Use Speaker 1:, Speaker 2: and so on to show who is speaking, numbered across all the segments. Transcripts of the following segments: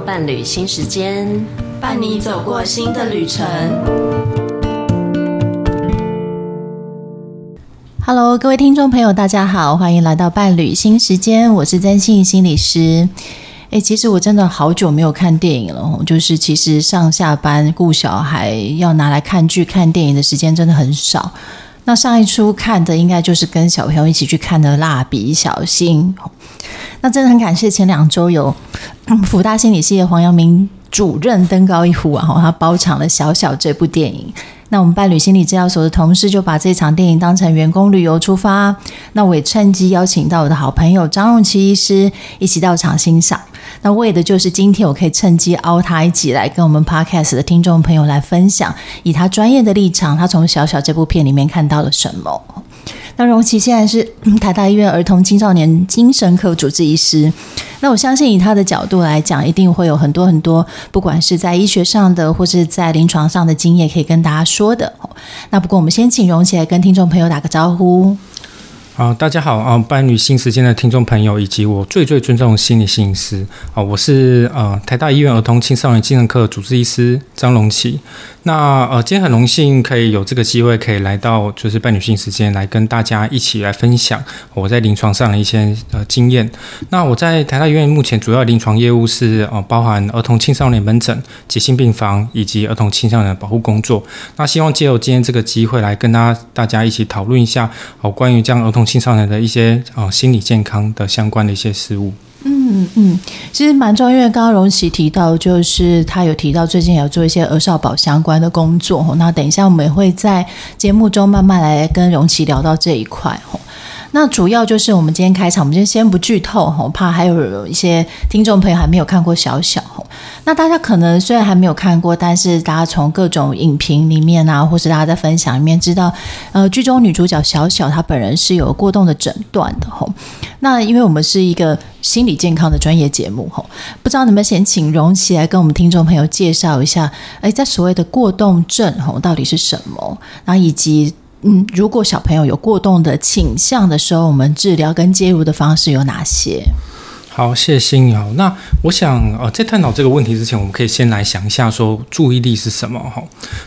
Speaker 1: 伴侶新時間，伴你走過新的旅程。Hello，各位聽眾朋友，大家好，歡迎來到伴侶新時間，我是曾心怡心理師。誒，其實我真的好久沒有看電影了，就是其實上下班、顧小孩要拿來看劇、看電影的時間真的很少。那上一出看的應該就是跟小朋友一起去看的《蠟筆小新》。那真的很感謝前兩周有輔大心理系的黃揚名主任登高一呼啊，他包場了小曉這部電影。那我們伴侶心理治療所的同事就把這場電影當成員工旅遊出發。那我也趁機邀請到我的好朋友張鎔麒醫師一起到場欣賞。那為的就是今天，我可以趁機邀他一起來跟我們 podcast 的聽眾朋友來分享，以他專業的立場，他從小曉這部片裡面看到了什麼。那鎔麒現在是台大醫院兒童青少年精神科主治醫師，那我相信以他的角度來講，一定會有很多很多，不管是在醫學上的，或是在臨床上的經驗，可以跟大家說的。那不過我們先請鎔麒來跟聽眾朋友打個招呼。
Speaker 2: 啊、呃，大家好啊！伴、呃、女性時間的聽眾朋友，以及我最最尊重的心理、心理師啊、呃，我是呃台大醫院兒童青少年精神科主治醫師張鎔麒。那呃今天很榮幸可以有這個機會，可以來到就是伴女性時間來跟大家一起來分享我在臨床上的一些呃經驗。那我在台大醫院目前主要臨床業務是呃包含兒童青少年門診、急性病房以及兒童青少年保護工作。那希望借由今天這個機會來跟大家大家一起討論一下哦、呃、關於將兒童。青少年的一些啊心理健康的相關的一些事物。嗯嗯，
Speaker 1: 其實蠻重要，因為剛剛鎔麒提到，就是他有提到最近也有做一些兒少保相關的工作。那等一下我們也會在節目中慢慢來跟鎔麒聊到這一塊哈。那主要就是我們今天開場，我們就先不劇透哈，怕還有一些聽眾朋友還沒有看過小曉。那大家可能雖然還沒有看過，但是大家從各種影評裡面啊，或是大家在分享裡面知道，呃，劇中女主角小曉她本人是有過動的診斷的吼，那因為我們是一個心理健康的專業節目吼，不知道能不能先請鎔麒來跟我們聽眾朋友介紹一下，哎，在所謂的過動症吼，到底是什麼，然後以及。嗯，如果小朋友有過動的傾向的時候，我們治療跟介入的方式有哪些？
Speaker 2: 好，謝謝心怡。那我想呃，在探討這個問題之前，我們可以先來想一下，說注意力是什麼？哈，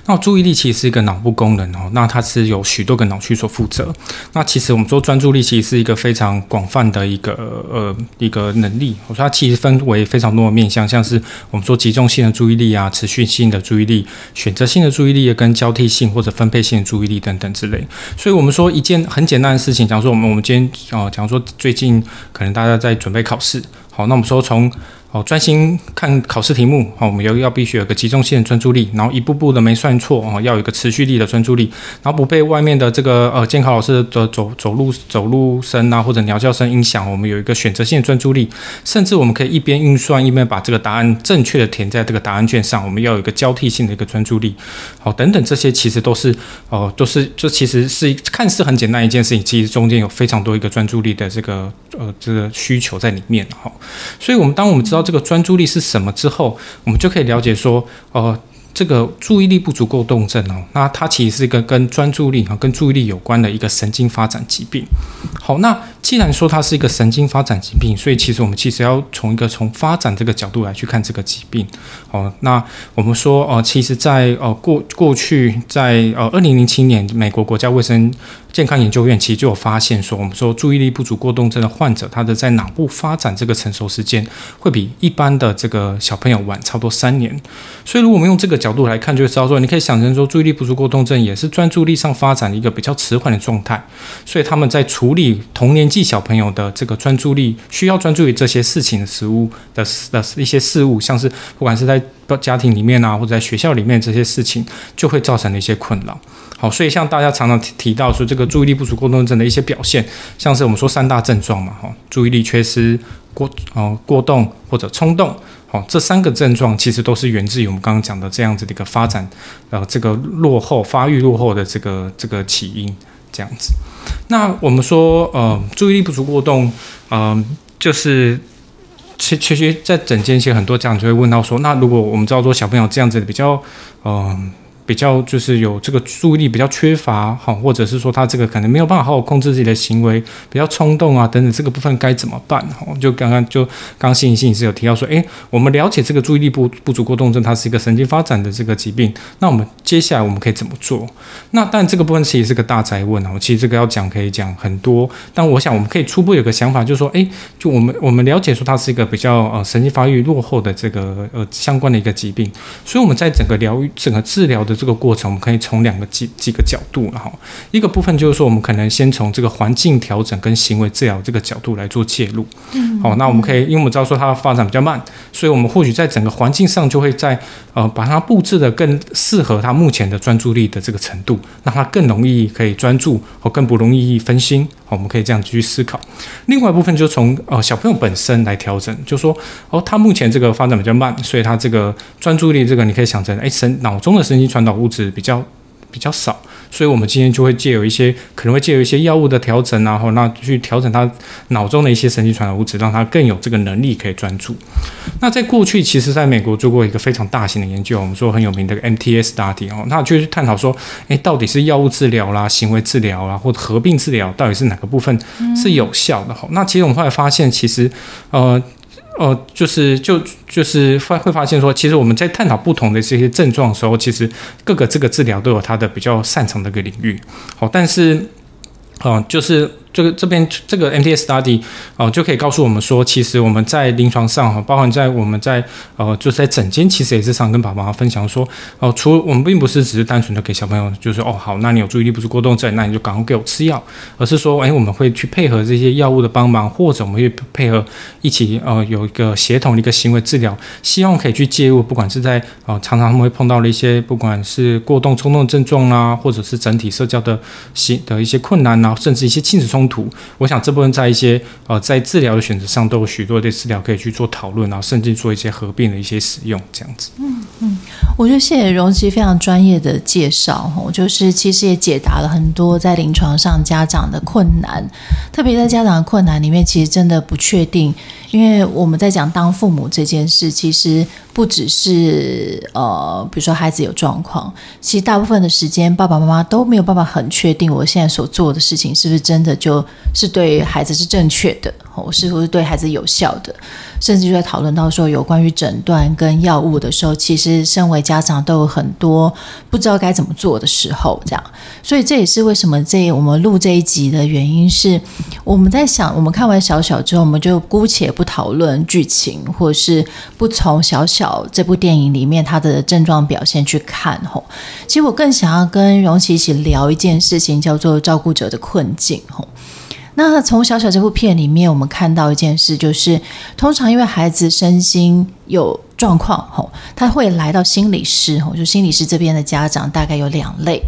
Speaker 2: 那注意力其實是一個腦部功能哦，那它是由許多個腦區所負責。那其實我們說專注力其實是一個非常廣泛的一個呃一個能力。我說它其實分為非常多的面向，像是我們說集中性的注意力啊、持續性的注意力、選擇性的注意力跟交替性或者分配性的注意力等等之類。所以我們說一件很簡單的事情，假如說我們我們今天呃假如說最近可能大家在準備考試。是好，那我們說從。哦，專心看考試題目哦，我們要要必須有個集中性專注力，然後一步步的沒算錯哦，要有一個持續力的專注力，然後不被外面的這個呃監考老師的走走路走路聲啊或者鳥叫聲影響，我們有一個選擇性專注力，甚至我們可以一邊運算一邊把這個答案正確的填在這個答案卷上，我們要有一個交替性的一個專注力，好、哦，等等這些其實都是哦，都、呃就是這其實是看似很簡單一件事情，其實中間有非常多一個專注力的這個呃這個需求在裡面哈、哦，所以我們當我們知道。這個專注力是什麼之後，我們就可以了解說，呃，這個注意力不足過動症哦、啊，那它其實是一個跟專注力啊、跟注意力有關的一個神經發展疾病。好，那既然說它是一個神經發展疾病，所以其實我們其實要從一個從發展這個角度來去看這個疾病。好，那我們說，呃，其實在呃，過過去在呃二零零七年，美國國家衛生健康研究院其實就有發現說，我們說注意力不足過動症的患者，他的在腦部發展這個成熟時間會比一般的這個小朋友晚差不多三年。所以如果我們用這個角度來看，就會知道說，你可以想象說，注意力不足過動症也是專注力上發展一個比較遲緩的狀態。所以他們在處理同年紀小朋友的這個專注力，需要專注於這些事情的事物的的一些事物，像是不管是在。到家庭裡面啊，或者在學校裡面這些事情，就會造成的一些困擾。好，所以像大家常常提提到說，這個注意力不足過動症的一些表現，像是我們說三大症狀嘛，哈、哦，注意力缺失、過啊、呃、過動或者衝動，好、哦，這三個症狀其實都是源自於我們剛剛講的這樣子的一個發展，呃，這個落後發育落後的這個這個起因，這樣子。那我們說，呃，注意力不足過動，嗯、呃，就是。其其實，在診間其實很多家長就會問到說，那如果我們知道說小朋友這樣子的比較，嗯、呃。比較就是有這個注意力比較缺乏，好，或者是說他這個可能沒有辦法好好控制自己的行為，比較衝動啊等等，這個部分該怎麼辦？哦，就剛剛就剛心怡心怡是有提到說，哎、欸，我們了解這個注意力不不足過動症，它是一個神經發展的這個疾病，那我們接下來我們可以怎麼做？那但這個部分其實是個大哉問哦，其實這個要講可以講很多，但我想我們可以初步有個想法，就是說，哎、欸，就我們我們了解說它是一個比較呃神經發育落後的這個呃相關的一個疾病，所以我們在整個療癒整個治療的。這個過程，我們可以從兩個幾幾個角度，然後一個部分就是說，我們可能先從這個環境調整跟行為治療這個角度來做介入。嗯，好，那我們可以，因為我們知道說它發展比較慢，所以我們或許在整個環境上就會在呃把它佈置得更適合他目前的專注力的這個程度，讓他更容易可以專注，和更不容易分心。我們可以這樣去思考，另外一部分就從呃小朋友本身來調整，就是說哦，他目前這個發展比較慢，所以他這個專注力這個你可以想成，哎，神腦中的神經傳導物質比較比較少。所以，我們今天就會藉由一些，可能會藉由一些藥物的調整、啊，然後那去調整他腦中的一些神經傳導物質，讓他更有這個能力可以專注。那在過去，其實在美國做過一個非常大型的研究，我們說很有名的 MTS study 哦，那就去探討說，哎、欸，到底是藥物治療啦、行為治療啦、啊，或者合併治療，到底是哪個部分是有效的？哈、嗯，那其實我們後來發現，其實呃。哦、呃，就是就就是發會發現說，其實我們在探討不同的這些症狀的時候，其實各個這個治療都有它的比較擅長的一個領域。好，但是，嗯、呃，就是。這個這邊這個 MTS study 哦、呃，就可以告訴我們說，其實我們在臨床上哈，包含在我們在呃，就是，在診間其實也是常跟爸爸媽媽分享說，哦、呃，除我們並不是只是單純的給小朋友，就是哦好，那你有注意力不足過動症，那你就趕快給我吃藥，而是說，哎、欸，我們會去配合這些藥物的幫忙，或者我們會配合一起呃有一個協同的一個行為治療，希望可以去介入，不管是在哦、呃、常常他們會碰到的一些不管是過動衝動症狀啊，或者是整體社交的行的一些困難吶、啊，甚至一些親子衝。我想這部分在一些呃，在治療的選擇上都有許多的治療可以去做討論，然後甚至做一些合併的一些使用這樣子。嗯
Speaker 1: 嗯。我覺得謝謝鎔麒其實非常專業的介紹，就是其實也解答了很多在臨床上家長的困難，特別在家長的困難裡面，其實真的不確定，因為我們在講當父母這件事，其實不只是呃，比如說孩子有狀況，其實大部分的時間爸爸媽媽都沒有辦法很確定我現在所做的事情是不是真的就是對孩子是正確的，我是不是對孩子有效的，甚至就在討論到說有關於診斷跟藥物的時候，其實生。身為家長都有很多不知道該怎麼做的時候，這樣，所以這也是為什麼這我們錄這一集的原因是我們在想，我們看完小曉之後，我們就姑且不討論劇情，或是不從小曉這部電影裡面他的症狀表現去看吼。其實我更想要跟鎔麒一起聊一件事情，叫做照顧者的困境吼。那從小曉這部片裡面，我們看到一件事，就是通常因為孩子身心有狀況吼、哦，他會來到心理師吼、哦，就心理師這邊的家長大概有兩類，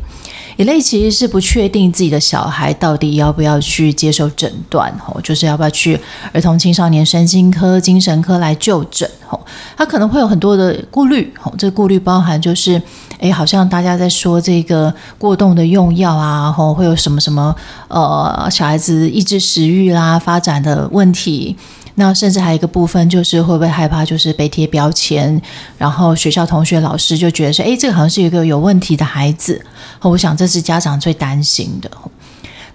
Speaker 1: 一類其實是不確定自己的小孩到底要不要去接受診斷吼、哦，就是要不要去兒童青少年身心科、精神科來就診吼、哦，他可能會有很多的顧慮吼、哦，這個、顧慮包含就是，哎，好像大家在說這個過動的用藥啊，吼、哦、會有什麼什麼呃小孩子抑制食欲啦，發展的問題。那甚至還有一個部分，就是會不會害怕，就是被貼標籤，然後學校同學、老師就覺得說，哎，這個好像是一個有問題的孩子，我想這是家長最擔心的。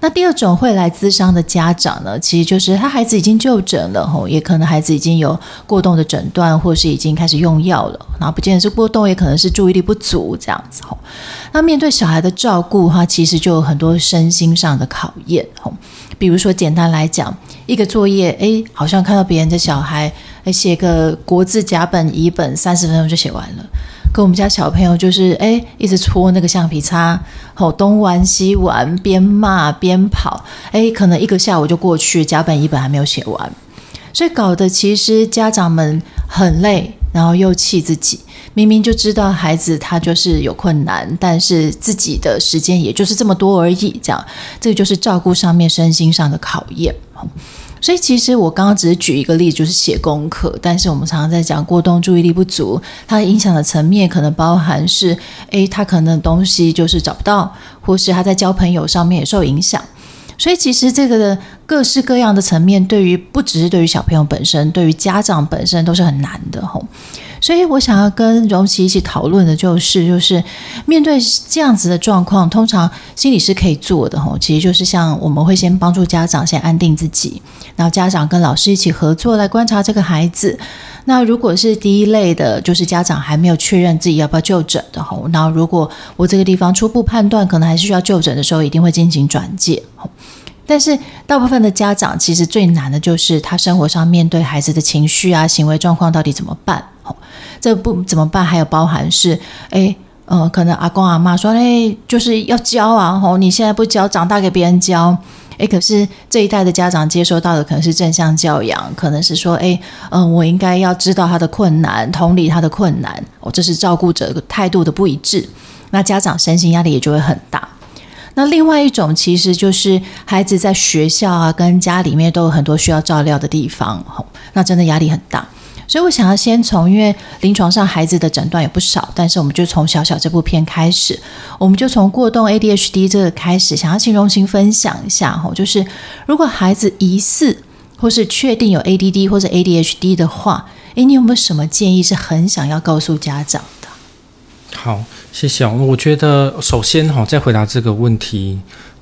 Speaker 1: 那第二種會來諮商的家長呢，其實就是他孩子已經就診了吼，也可能孩子已經有過動的診斷，或是已經開始用藥了，然後不見得是過動，也可能是注意力不足這樣子吼。那面對小孩的照顧的，他其實就有很多身心上的考驗吼。比如說，簡單來講，一個作業，哎，好像看到別人的小孩。還寫個國字甲本乙本，三十分鐘就寫完了。跟我們家小朋友就是哎，一直戳那個橡皮擦，好、哦、東玩西玩，邊罵邊跑。哎，可能一個下午就過去，甲本乙本還沒有寫完。所以搞得其實家長們很累，然後又氣自己。明明就知道孩子他就是有困難，但是自己的時間也就是這麼多而已。這樣，這個就是照顧上面身心上的考驗。哦。所以其實我剛剛只是舉一個例子，就是寫功課。但是我們常常在講過動、注意力不足，它的影響的層面可能包含是，誒，他可能的東西就是找不到，或是他在交朋友上面也受影響。所以其實這個的各式各樣的層面，對於不只是對於小朋友本身，對於家長本身都是很難的。吼。所以我想要跟鎔麒一起討論的就是，就是面對這樣子的狀況，通常心理師可以做的哈，其實就是像我們會先幫助家長先安定自己，然後家長跟老師一起合作來觀察這個孩子。那如果是第一類的，就是家長還沒有確認自己要不要就診的哈，那如果我這個地方初步判斷可能還是需要就診的時候，一定會進行轉介。但是大部分的家長其實最難的就是他生活上面對孩子的情緒啊、行為狀況到底怎麼辦。這不怎麼辦？還有包含是，哎，呃，可能阿公阿媽說，哎，就是要教啊，吼、哦，你現在不教，長大給別人教，哎，可是這一代的家長接收到的可能是正向教養，可能是說，哎，嗯、呃，我應該要知道他的困難，同理他的困難，哦，這是照顧者態度的不一致，那家長身心壓力也就會很大。那另外一種其實就是孩子在學校啊跟家裡面都有很多需要照料的地方，吼、哦，那真的壓力很大。所以，我想要先從，因為臨床上孩子的診斷也不少，但是我們就從小曉這部片開始，我們就從過動 ADHD 這個開始，想要請鎔麒分享一下哈，就是如果孩子疑似或是確定有 ADD 或者 ADHD 的話，誒，你有沒有什麼建議是很想要告訴家長的？
Speaker 2: 好，謝謝、哦。我覺得首先哈、哦，再回答這個問題。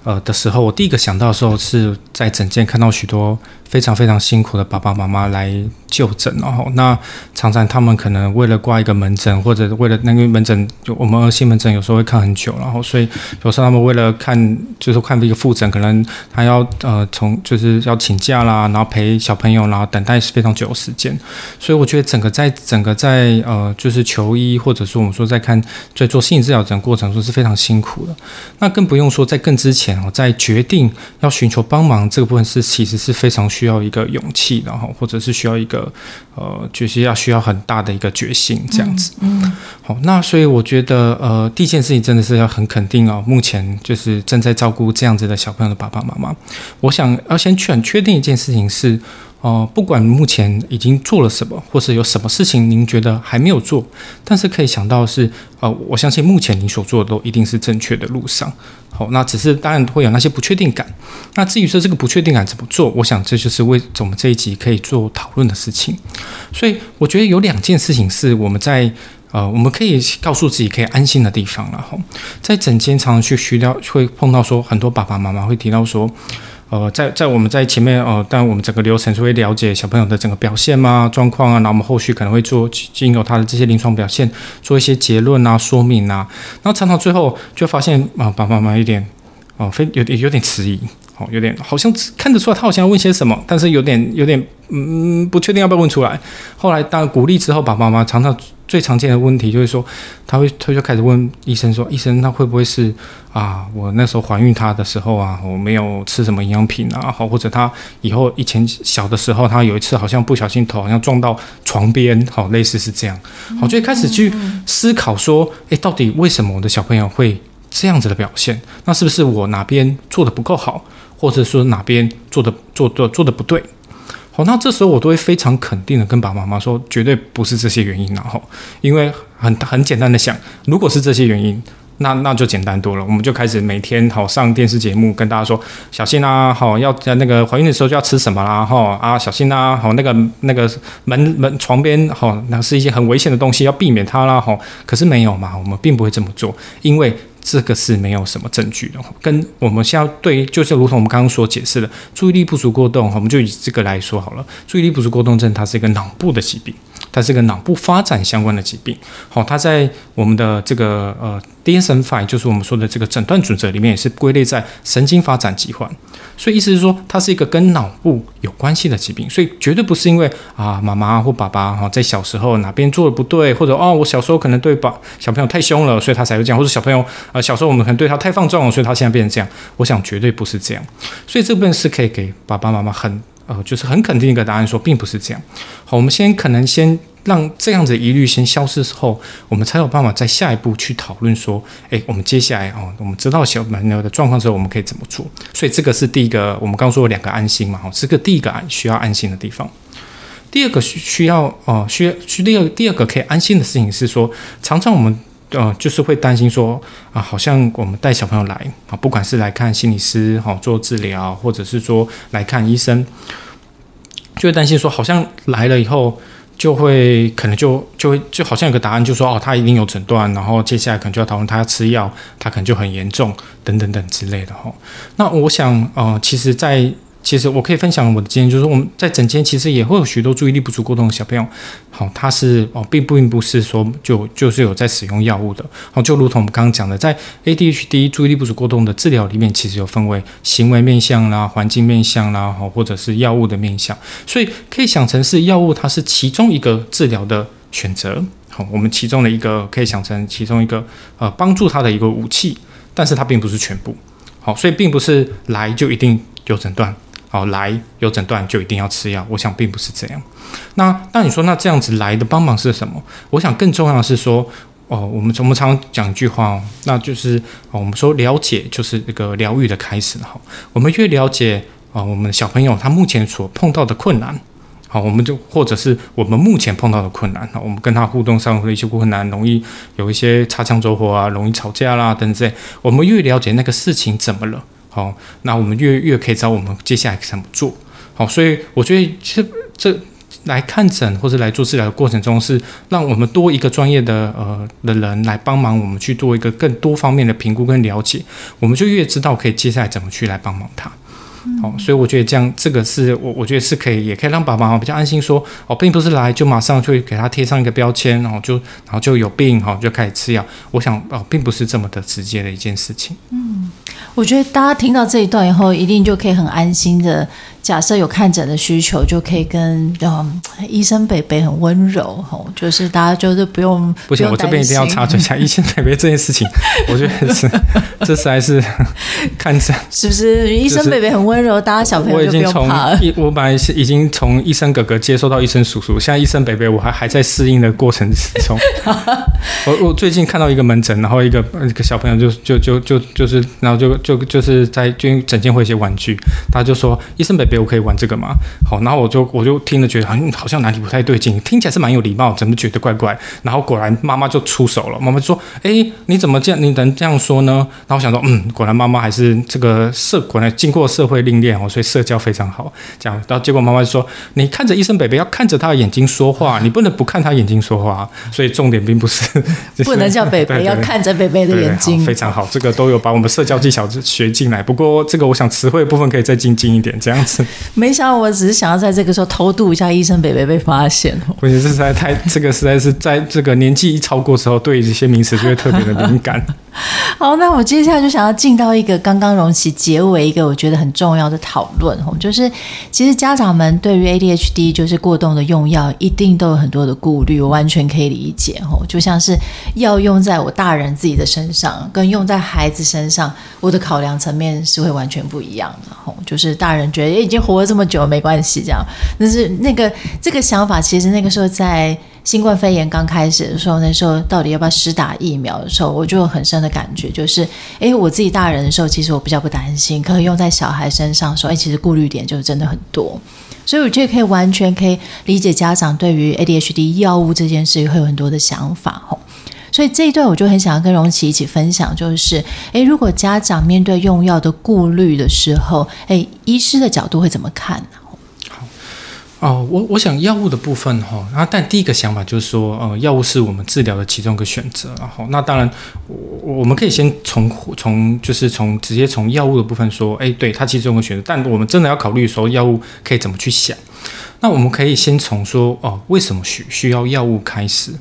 Speaker 2: 呃的時候，我第一個想到的時候是在診間看到許多非常非常辛苦的爸爸媽媽來就診，然後那常常他們可能為了掛一個門診，或者為了那個門診，就我們兒心門診有時候會看很久，然後所以有時候他們為了看就是看一個複診，可能他要呃從就是要請假啦，然後陪小朋友，然後等待是非常久的時間，所以我覺得整個在整個在呃就是求醫，或者說我們說在看就在做心理治療的過程，說是非常辛苦的，那更不用說在更之前。然後在決定要尋求幫忙這個部分是，其實是非常需要一個勇氣，然後或者是需要一個呃決心，要需要很大的一個決心這樣子嗯。嗯，好，那所以我覺得，呃，第一件事情真的是要很肯定哦，目前就是正在照顧這樣子的小朋友的爸爸媽媽，我想要先去很確定一件事情是。呃，不管目前已經做了什麼，或是有什麼事情您覺得還沒有做，但是可以想到是，呃，我相信目前你所做的都一定是正確的路上。好、哦，那只是當然會有那些不確定感。那至於說這個不確定感怎麼做，我想這就是為什麼這一集可以做討論的事情。所以我覺得有兩件事情是我們在呃，我們可以告訴自己可以安心的地方了。吼、哦、在診間常常去需要會碰到說很多爸爸媽媽會提到說。呃，在在我們在前面哦、呃，但我們整個流程是會了解小朋友的整個表現嘛、啊、狀況啊，然後我們後續可能會做，經過他的這些臨床表現，做一些結論啊、說明啊，然後常常最後就發現啊、呃，爸爸媽媽有點啊，非有點有點遲疑，哦，有點好像看得出來他好像要問些什麼，但是有點有點，有點，有點，有點，有點嗯不確定要不要問出來，後來當鼓勵之後，爸爸媽媽常常。最常見的問題就是說，他會，他就開始問醫生說：“醫生，他會不會是啊？我那時候懷孕他的時候啊，我沒有吃什麼營養品啊？好，或者他以後以前小的時候，他有一次好像不小心頭好像撞到床邊，好，類似是這樣，
Speaker 1: 好，就開始去
Speaker 2: 思考說，哎、okay.，到底為什麼我的小朋友會這樣子的表現？那是不是我哪邊做得不夠好，或者說哪邊做得做做做得不對？”哦，那這時候我都會非常肯定的跟爸爸媽媽說，絕對不是這些原因，然後、哦、因為很很簡單的想，如果是這些原因，那那就簡單多了，我們就開始每天好、哦、上電視節目跟大家說，小心啦、啊，好、哦、要在那個懷孕的時候就要吃什麼啦，吼、哦、啊小心啦、啊，好、哦、那個那個門門床邊，好、哦、那是一些很危險的東西要避免它啦，吼、哦，可是沒有嘛，我們並不會這麼做，因為。這個是沒有什麼證據的，跟我們現在對，就是如同我們剛剛所解釋的，注意力不足過動，我們就以這個來說好了。注意力不足過動症它是一個腦部的疾病，它是一個腦部發展相關的疾病。好，它在我們的這個呃 DSM 五，就是我們說的這個診斷準則裡面，也是歸類在神經發展疾患。所以意思是說，它是一個跟腦部有關係的疾病，所以絕對不是因為啊媽媽或爸爸哈在小時候哪邊做的不對，或者哦我小時候可能對寶小朋友太凶了，所以他才會這樣，或者小朋友啊、呃、小時候我們可能對他太放縱了，所以他現在變成這樣。我想絕對不是這樣，所以這邊是可以給爸爸媽媽很呃，就是很肯定一個答案說，說並不是這樣。好，我們先可能先讓這樣子疑慮先消失之後，我們才有辦法在下一步去討論說，哎、欸，我們接下來哦，我們知道小朋友的狀況之後，我們可以怎麼做？所以這個是第一個，我們剛說有兩個安心嘛，這、哦、個第一個安需要安心的地方。第二個需要、呃、需要哦，需需要第二個可以安心的事情是說，常常我們。呃，就是會擔心說啊，好像我們帶小朋友來啊，不管是來看心理師哈、做治療，或者是說來看醫生，就會擔心說，好像來了以後就會可能就就會就好像有個答案就，就說哦，他一定有診斷，然後接下來可能就要討論他要吃藥，他可能就很嚴重等等等之類的哈。那我想呃，其實，在其實我可以分享我的經驗，就是我們在診間其實也會有許多注意力不足過動的小朋友。好，他是哦，並不並不是說就就是有在使用藥物的。好，就如同我們剛剛講的，在 ADHD 注意力不足過動的治療裡面，其實有分為行為面向啦、環境面向啦，哦、或者是藥物的面向。所以可以想成是藥物，它是其中一個治療的選擇。好，我們其中的一個可以想成其中一個呃幫助他的一個武器，但是它並不是全部。好，所以並不是來就一定有診斷。好，來有診斷就一定要吃藥？我想並不是這樣。那那你說，那這樣子來的幫忙是什麼？我想更重要的是說，哦，我們我們常，常講一句話，哦，那就是哦，我們說了解就是那個療癒的開始。哈，我們越了解啊，哦，我們小朋友他目前所碰到的困難，好，我們就或者是我們目前碰到的困難，我們跟他互動上的一些困難，容易有一些擦槍走火啊，容易吵架啦等等。我們越了解那個事情怎麼了。好，那我們越越可以知道我們接下來怎麼做？好，所以我覺得其實這，這來看診或是來做治療的過程中，是讓我們多一個專業的呃的人來幫忙我們去做一個更多方面的評估跟了解，我們就越知道可以接下來怎麼去來幫忙他。好，所以我覺得這樣這個是我我覺得是可以，也可以讓爸爸媽媽比較安心說哦，並不是來就馬上就給他貼上一個標籤，哦，然後就然後就有病好，哦，就開始吃藥。我想哦，並不是這麼的直接的一件事情。嗯。
Speaker 1: 我覺得大家聽到這一段以後，一定就可以很安心的。假設有看診的需求，就可以跟、嗯、醫生北北很溫柔吼，就是大家就是不用。不行，不用，我這邊一定要插嘴一下，醫
Speaker 2: 生北北這件事情， 我覺得是這次還是看診是不
Speaker 1: 是？醫生北北很溫柔，大家小朋友我已經從
Speaker 2: 一，我本來是已經從醫生哥哥接受到醫生叔叔，嗯、現在醫生北北我還還在適應的過程之中。 我我最近看到一個門診，然後一個一個小朋友就就就就就，就是，然後就就就是在就診間會一些玩具，他就說醫生北北，我可以玩這個嗎？好，然後我就我就聽了，覺得好像、嗯、好像哪裡不太對勁，聽起來是蠻有禮貌，怎麼覺得怪怪？然後果然媽媽就出手了，媽媽說：“哎、欸，你怎麼這樣？你能這樣說呢？”然後我想說：“嗯，果然媽媽還是這個社，果然經過社會歷練哦，所以社交非常好。”這樣，然後結果媽媽說：“你看着醫生北北，要看着他的眼睛說話，你不能不看他眼睛說話。”所以重點並不是呵呵不能叫北北，要看
Speaker 1: 着北北的眼睛，對對對，非
Speaker 2: 常好，這個都有把我們社交技巧學進來。不過這個我想詞彙部分可以再精進一點，這樣子。
Speaker 1: 沒想到，我只是想要在這個時候偷渡一下，醫生北北被發現哦。
Speaker 2: 我也是實在太，這個實在是在這個年紀一超過時候，對這些名詞就會特別的敏感。
Speaker 1: 好，那我接下來就想要進到一個剛剛鎔麒結尾一個我覺得很重要的討論哦，就是其實家長們對於 ADHD 就是過動的用藥，一定都有很多的顧慮，我完全可以理解哦。就像是藥用在我大人自己的身上，跟用在孩子身上，我的考量層面是會完全不一樣的哦。就是大人覺得、欸，已經活了這麼久，沒關係這樣。但是那個這個想法，其實那個時候在。新冠肺炎剛開始的時候，那時候到底要不要施打疫苗的時候，我就有很深的感覺，就是，誒，我自己大人的時候，其實我比較不擔心，可能用在小孩身上的時候，誒，其實顧慮點就是真的很多，所以我覺得可以完全可以理解家長對於 ADHD 藥物這件事會有很多的想法吼，所以這一段我就很想要跟鎔麒一起分享，就是，誒，如果家長面對用藥的顧慮的時候，誒，醫師的角度會怎麼看呢？
Speaker 2: 哦，我我想藥物的部分哈，那但第一個想法就是說，呃，藥物是我們治療的其中一個選擇，然後那當然，我我們可以先從從就是從直接從藥物的部分說，哎、欸，對，它其中一個選擇，但我們真的要考慮的時候，藥物可以怎麼去想？那我們可以先從說哦，為什麼需需要藥物開始？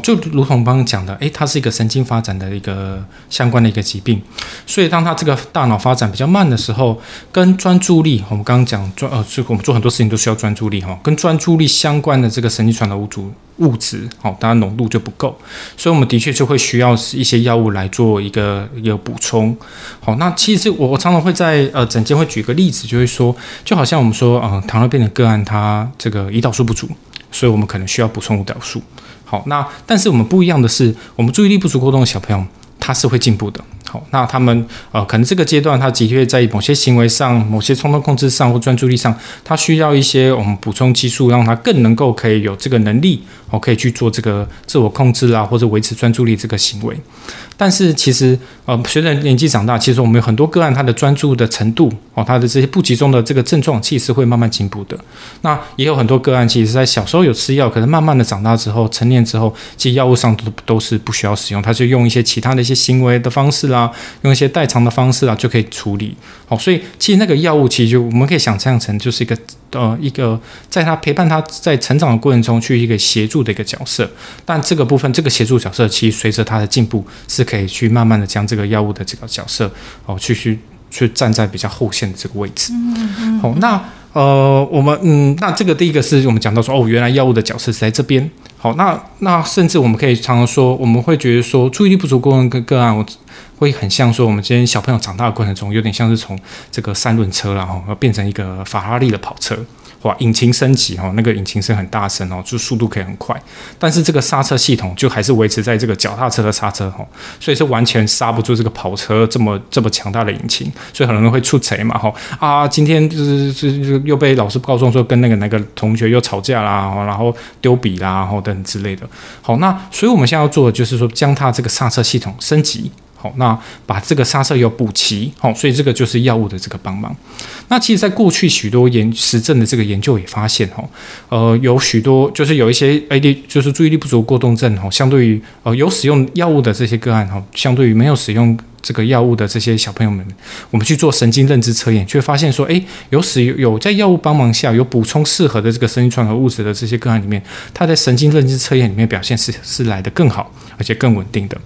Speaker 2: 就如同我們剛剛講的、欸，它是一個神經發展的一個相關的一個疾病，所以當它這個大腦發展比較慢的時候，跟專注力，我們剛剛講專呃，我們做很多事情都需要專注力哈、哦，跟專注力相關的這個神經傳導物質物質，好、哦，它濃度就不夠，所以我們的確就會需要一些藥物來做一個有補充。好、哦，那其實我我常常會在呃診間會舉一個例子，就會說，就好像我們說啊、呃，糖尿病的個案，它這個胰島素不足，所以我們可能需要補充胰島素。好，那但是我們不一樣的是，我們注意力不足過動的小朋友，他是會進步的。好，那他們呃，可能這個階段，他的確在某些行為上、某些衝動控制上或專注力上，他需要一些我們補充激素，讓他更能夠可以有這個能力，哦，可以去做這個自我控制啦，或者維持專注力這個行為。但是其實，呃，隨着年紀長大，其實我們有很多個案，他的專注的程度，哦，他的這些不集中的這個症狀，其實是會慢慢進步的。那也有很多個案，其實在小時候有吃藥，可是慢慢的長大之後，成年之後，其實藥物上都都是不需要使用，它就用一些其他的一些行為的方式啦，用一些代償的方式啊，就可以處理。哦，所以其實那個藥物，其實就我們可以想象成就是一個。呃，一個在他陪伴他在成長的過程中去一個協助的一個角色，但這個部分這個協助角色其實隨着他的進步是可以去慢慢的將這個藥物的這個角色哦、呃、去去去站在比較後線的這個位置。嗯嗯。好，那呃我們嗯那這個第一個是我們講到說哦原來藥物的角色是在這邊。好，那那甚至我們可以常常說我們會覺得說注意力不足過動個個案我。會很像說，我們今天小朋友長大的過程中，有點像是從這個三輪車然後變成一個法拉利的跑車，哇，引擎升級，吼，那個引擎是很大聲哦，就速度可以很快，但是這個剎車系統就還是維持在這個腳踏車的剎車，吼，所以是完全剎不住這個跑車這麼這麼強大的引擎，所以很多人會出槌嘛，吼，啊，今天就是就是又被老師告狀說跟那個那個同學又吵架啦，然後丟筆啦，然後等之類的，好，那所以我們現在要做的就是說，將它這個剎車系統升級。那把這個剎車油補齊，吼，所以這個就是藥物的這個幫忙。那其實，在過去許多研實證的這個研究也發現，吼，呃，有許多就是有一些 AD、欸、就是注意力不足過動症，吼，相對於呃有使用藥物的這些個案，吼，相對於沒有使用這個藥物的這些小朋友們，我們去做神經認知測驗，卻發現說，哎、欸，有使有在藥物幫忙下，有補充適合的這個神經傳導物質的這些個案裡面，它在神經認知測驗裡面表現是是來得更好。而且更穩定的，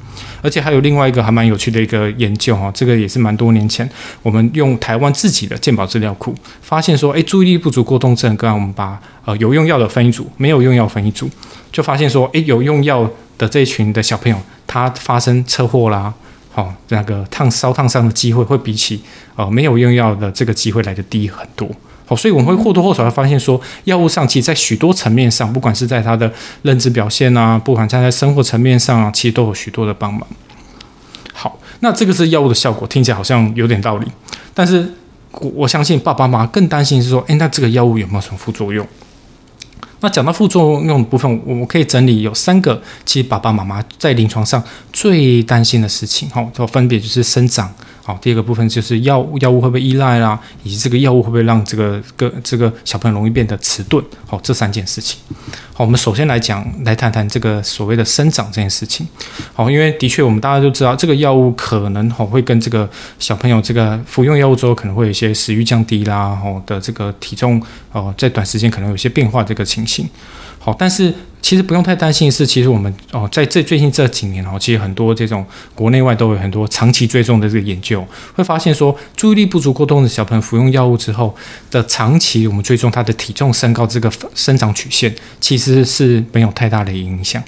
Speaker 2: 而且還有另外一個還蠻有趣的一個研究哈、哦，這個也是蠻多年前，我們用台灣自己的健保資料庫，發現說，哎、欸，注意力不足過動症，剛剛我們把呃有用藥的分一組，沒有用藥分一組，就發現說，哎、欸，有用藥的這一群的小朋友，他發生車禍啦，好、哦，那個燙燒燙傷的機會會比起呃沒有用藥的這個機會來得低很多。所以我們會或多或少的發現說，藥物上其實，在許多層面上，不管是在他的認知表現啊，不管站在，在生活層面上啊，其實都有許多的幫忙。好，那這個是藥物的效果，聽起來好像有點道理。但是，我相信爸爸媽媽更擔心是說，誒、欸，那這個藥物有沒有什麼副作用？那講到副作用的部分，我可以整理有三個，其實爸爸媽媽在臨床上最擔心的事情，好，就分別就是生長。好，第二個部分就是藥物，藥物會不會依賴啦、啊，以及這個藥物會不會讓這個個這個小朋友容易變得遲鈍？好，這三件事情。好，我們首先來講，來談談這個所謂的生長這件事情。好，因為的確，我們大家都知道，這個藥物可能吼、哦、會跟這個小朋友這個服用藥物之後，可能會有一些食慾降低啦，吼、哦、的這個體重哦，在短時間可能有些變化這個情形。好，但是。其實不用太擔心是，其實我們哦，在這最近這幾年哦，其實很多這種國內外都有很多長期追蹤的這個研究，會發現說，注意力不足過動的小朋友服用藥物之後的長期，我們追蹤他的體重身高這個生長曲線，其實是沒有太大的影響。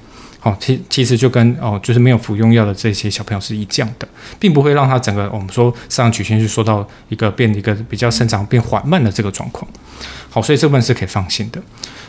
Speaker 2: 好，其其實就跟哦，就是沒有服用藥的這些小朋友是一樣的，並不會讓他整個、哦、我們說生長曲線說到一個變一個比較生長變緩慢的這個狀況。好，所以這部分是可以放心的。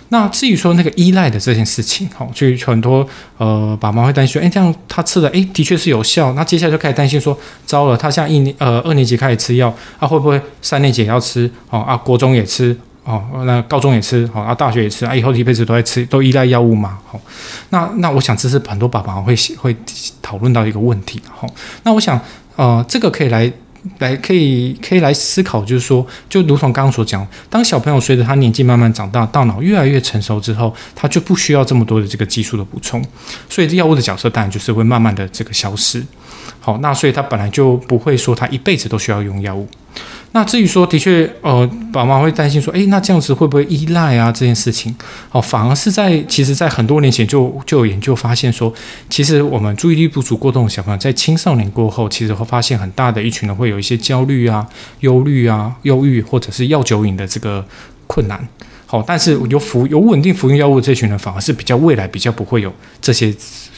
Speaker 2: 那至於說那個依賴的這件事情，好、哦，所以很多呃爸媽會擔心說，哎、欸，這樣他吃了，哎、欸，的確是有效，那接下來就開始擔心說，糟了，他像一年呃二年級開始吃藥，他、啊、會不會三年級也要吃？哦，啊，國中也吃？哦，那高中也吃，好啊，大學也吃啊，以後一輩子都在吃，都依賴藥物嘛，好、哦，那那我想這是很多爸爸會會討論到一個問題，好、哦，那我想，呃，這個可以來來可以可以來思考，就是說，就如同剛剛所講，當小朋友隨着他年紀慢慢長大，大腦越來越成熟之後，他就不需要這麼多的這個激素的補充，所以這藥物的角色當然就是會慢慢的這個消失，好、哦，那所以他本來就不會說他一輩子都需要用藥物。那至於說，的確，呃，爸媽會擔心說，哎、欸，那這樣子會不會依賴啊？這件事情，好、哦，反而是在其實，在很多年前就就有研究發現說，其實我們注意力不足過動的小朋友在青少年過後，其實會發現很大的一群人會有一些焦慮啊、憂慮啊、憂鬱，或者是藥酒癮的這個困難。好、哦，但是有服有穩定服用藥物的這群人，反而是比較未來比較不會有這些。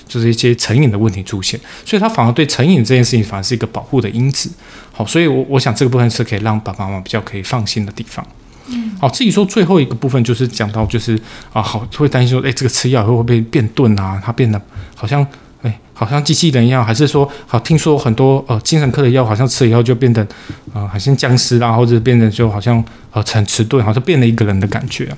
Speaker 2: 就是一些成癮的問題出現，所以它反而對成癮這件事情反而是一個保護的因子。好，所以我，我我想這個部分是可以讓爸爸媽媽比較可以放心的地方。嗯，好，至於說最後一個部分，就是講到就是啊，好會擔心說，哎、欸，這個吃藥會不會變鈍啊？它變得好像，哎、欸，好像機器人一樣，還是說，好，聽說很多呃精神科的藥，好像吃了以後就變得、呃、啊，好像僵屍，啊或者變得就好像呃很遲鈍，好像變了一個人的感覺、啊。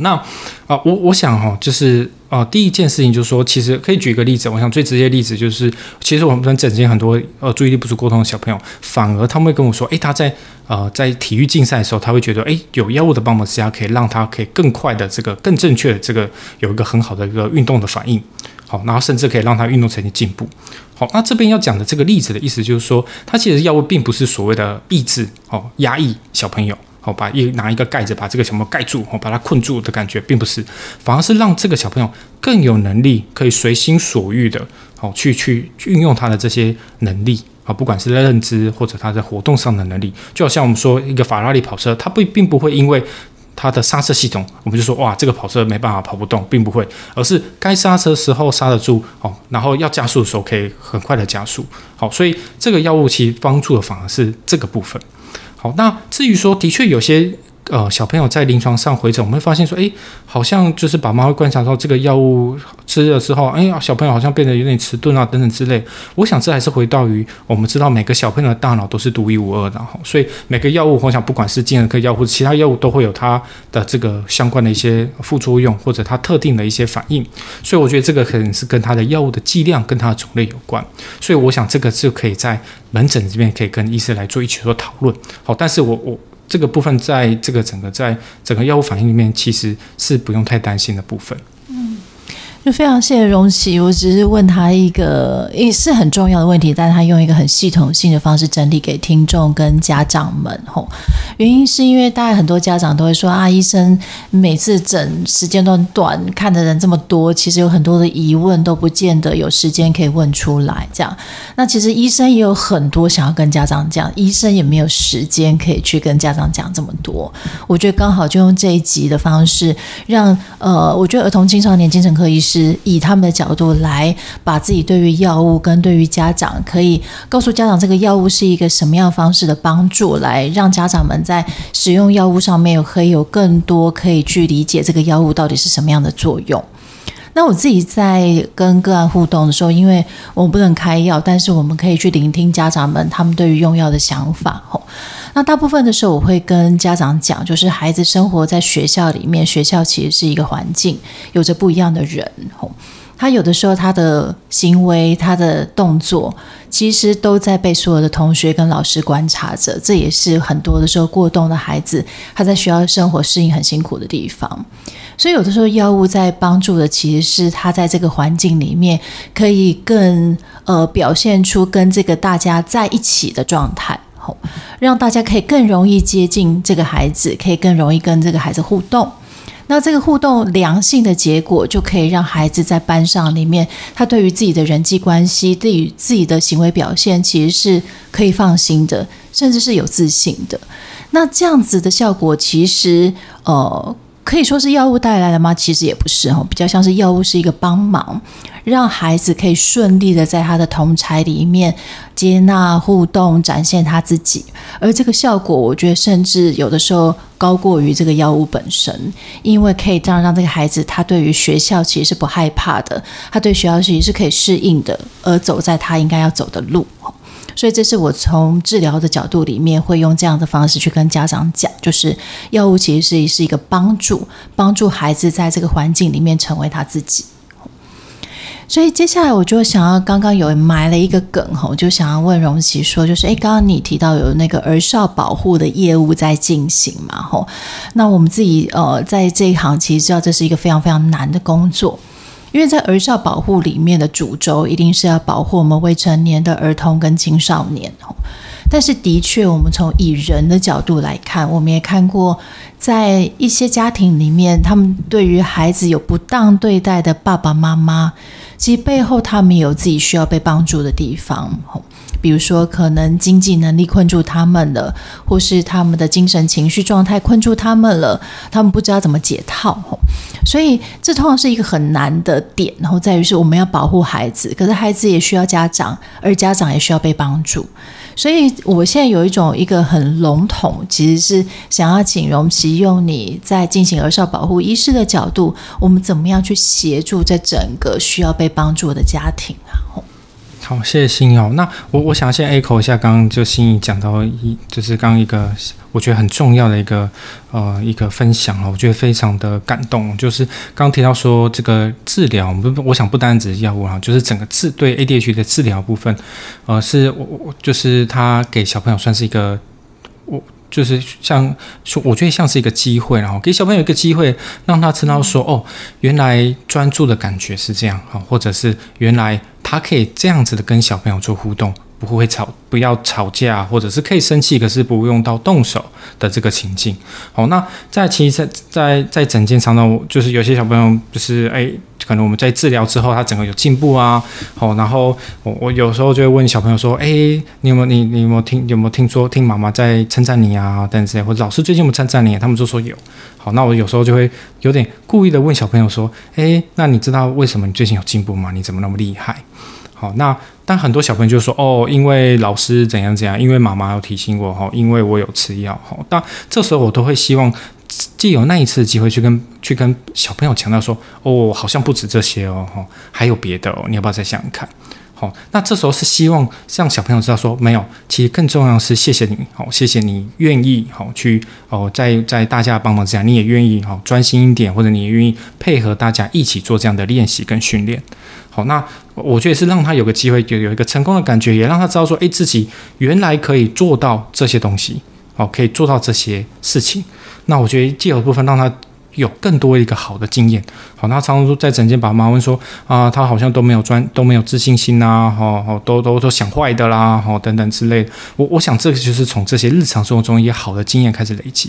Speaker 2: 那啊、呃，我我想哦，就是啊、呃、第一件事情就是說，其實可以舉一個例子。我想最直接的例子就是，其實我們能整見很多呃注意力不足過動的小朋友，反而他們會跟我說，誒、欸，他在呃在體育競賽的時候，他會覺得，誒、欸，有藥物的幫忙之下，可以讓他可以更快的這個更正確的這個有一個很好的一個運動的反應。好，然後甚至可以讓他運動成績進步。好，那這邊要講的這個例子的意思就是說，他其實藥物並不是所謂的抑制哦壓抑小朋友。好，把一拿一個蓋子把這個小朋友蓋住，哦，把它困住的感覺並不是，反而是讓這個小朋友更有能力，可以隨心所欲的，好去去運用他的這些能力，啊，不管是認知或者他在活動上的能力，就好像我們說一個法拉利跑車，它不並不會因為它的剎車系統，我們就說哇，這個跑車沒辦法跑不動，並不會，而是該剎車時候剎得住，哦，然後要加速的時候可以很快的加速，好，所以這個藥物其實幫助的反而是這個部分。好，那至於說，的確有些。呃，小朋友在臨床上回診，我們會發現說，哎、欸，好像就是寶媽會觀察到這個藥物吃了之後，哎、欸、呀，小朋友好像變得有點遲鈍啊，等等之類。我想這還是回到於我們知道每個小朋友的大腦都是獨一無二的哈，所以每個藥物，我想不管是精神科藥物，其他藥物都會有它的這個相關的一些副作用，或者它特定的一些反應。所以我覺得這個可能是跟它的藥物的劑量跟它的種類有關。所以我想這個是可以在門診這邊可以跟醫生來做一起做討論。好，但是我我。這個部分在這個整個在整個藥物反應裡面，其實是不用太擔心的部分。
Speaker 1: 就非常謝謝鎔麒，我只是問他一個，也是很重要的問題，但是他用一個很系統性的方式整理給聽眾跟家長們吼，原因是因為大家很多家長都會說啊，醫生每次診時間都很短，看的人這麼多，其實有很多的疑問都不見得有時間可以問出來，這樣。那其實醫生也有很多想要跟家長講，醫生也沒有時間可以去跟家長講這麼多。我覺得剛好就用這一集的方式讓，讓呃，我覺得兒童青少年精神科醫生。是以他們的角度來把自己對於藥物跟對於家長，可以告訴家長這個藥物是一個什麼樣方式的幫助，來讓家長們在使用藥物上面有可以有更多可以去理解這個藥物到底是什麼樣的作用。那我自己在跟個案互動的時候，因為我們不能開藥，但是我們可以去聆聽家長們他們對於用藥的想法。吼，那大部分的時候，我會跟家長講，就是孩子生活在學校裡面，學校其實是一個環境，有着不一樣的人。吼，他有的時候他的行為，他的動作。其實都在被所有的同學跟老師觀察着，這也是很多的時候過動的孩子，他在學校生活適應很辛苦的地方。所以有的時候藥物在幫助的其實是他在這個環境裡面可以更，呃，表現出跟這個大家在一起的狀態，好，哦，讓大家可以更容易接近這個孩子，可以更容易跟這個孩子互動。那這個互動良性的結果，就可以讓孩子在班上裡面，他對於自己的人際關係，對於自己的行為表現，其實是可以放心的，甚至是有自信的。那這樣子的效果，其實呃，可以說是藥物帶來的嗎？其實也不是哈，比較像是藥物是一個幫忙，讓孩子可以順利的在他的同儕裡面接納、互動、展現他自己。而這個效果，我覺得甚至有的時候高過於這個藥物本身，因為可以讓讓這個孩子他對於學校其實是不害怕的，他對學校其實是可以適應的，而走在他應該要走的路。所以，這是我從治療的角度裡面會用這樣的方式去跟家長講，就是藥物其實是是一個幫助，幫助孩子在這個環境裡面成為他自己。所以，接下來我就想要剛剛有埋了一個梗哈，我就想要問鎔麒說，就是誒，剛剛你提到有那個兒少保護的業務在進行嘛？哈，那我們自己呃，在這一行其實知道這是一個非常非常難的工作。因為在兒少保護裡面的主軸，一定是要保護我們未成年的兒童跟青少年。但是，的確，我們從以人的角度來看，我們也看過，在一些家庭裡面，他們對於孩子有不當對待的爸爸媽媽，其實背後他們也有自己需要被幫助的地方。比如說，可能經濟能力困住他們了，或是他們的精神情緒狀態困住他們了，他們不知道怎麼解套。所以，這通常是一個很難的點，然後在於是，我們要保護孩子，可是孩子也需要家長，而家長也需要被幫助。所以，我現在有一種一個很籠統，其實是想要請鎔麒用你在進行兒少保護醫師的角度，我們怎麼樣去協助這整個需要被幫助的家庭啊？
Speaker 2: 好，謝謝心怡。哦。那我我想先 echo 一下，剛剛就心怡講到一，就是剛剛一個我覺得很重要的一個呃一個分享哦，我覺得非常的感動，就是剛提到說這個治療，不不，我想不單只是藥物啊，就是整個治對 ADHD 的治療部分，呃，是我我就是他給小朋友算是一個我。就是像說，我覺得像是一個機會，然後給小朋友一個機會，讓他知道說，哦，原來專注的感覺是這樣，哈，或者是原來他可以這樣子的跟小朋友做互動。不會吵，不要吵架，或者是可以生氣，可是不用到動手的這個情境。好，那在其實在，在在整件當中，就是有些小朋友，就是誒、欸，可能我們在治療之後，他整個有進步啊。好，然後我我有時候就會問小朋友說，誒、欸，你有沒有你你有沒有聽有沒有聽說聽媽媽在稱讚你啊？等等之類，或者老師最近有沒有稱讚你啊，他們就說有。好，那我有時候就會有點故意的問小朋友說，誒、欸，那你知道為什麼你最近有進步嗎？你怎麼那麼厲害？好，那當很多小朋友就說哦，因為老師怎樣怎樣，因為媽媽要提醒我哈，因為我有吃藥哈。但這時候我都會希望，既有那一次機會去跟去跟小朋友強調說，哦，好像不止這些哦，還有別的哦，你要不要再想想看？哦，那這時候是希望讓小朋友知道說，沒有，其實更重要的是謝謝你，好、哦，謝謝你願意好、哦、去哦，在在大家幫忙之下，你也願意好專、哦、心一點，或者你也願意配合大家一起做這樣的練習跟訓練，好、哦，那我覺得是讓他有個機會有有一個成功的感覺，也讓他知道說，誒、欸，自己原來可以做到這些東西，好、哦，可以做到這些事情，那我覺得既有部分讓他。有更多一個好的經驗，好，那常常都在診間爸媽問說啊，他、呃、好像都沒有專都沒有自信心好、啊、好、哦，都都都想壞的啦，好、哦，等等之類的。我我想這個就是從這些日常生活中一些好的經驗開始累積，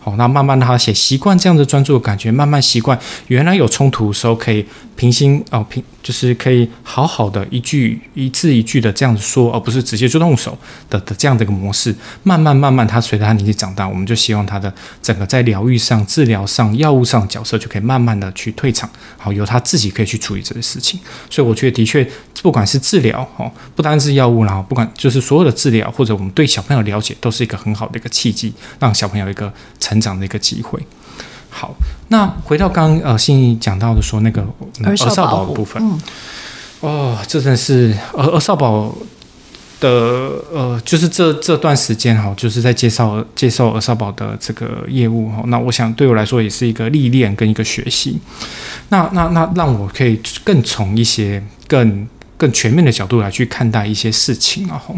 Speaker 2: 好，那慢慢的他寫習慣這樣的專注的感覺，慢慢習慣原來有衝突的時候可以。平心哦，平就是可以好好的一句一字一句的這樣子說，而不是直接就動手的的這樣的一個模式。慢慢慢慢，他隨着他年紀長大，我們就希望他的整個在療癒上、治療上、藥物上角色就可以慢慢的去退場，好，由他自己可以去處理這些事情。所以我覺得的確，不管是治療哦，不單是藥物啦，不管就是所有的治療或者我們對小朋友的了解，都是一個很好的一個契機，讓小朋友一個成長的一個機會。好，那回到剛剛呃，心怡講到的說那個呃，兒少保的部分，嗯、哦，這真是呃，兒少保的呃，就是這這段時間哈，就是在介紹介紹兒少保的這個業務哈。那我想對我來說也是一個歷練跟一個學習，那那那讓我可以更從一些更更全面的角度來去看待一些事情啊。哦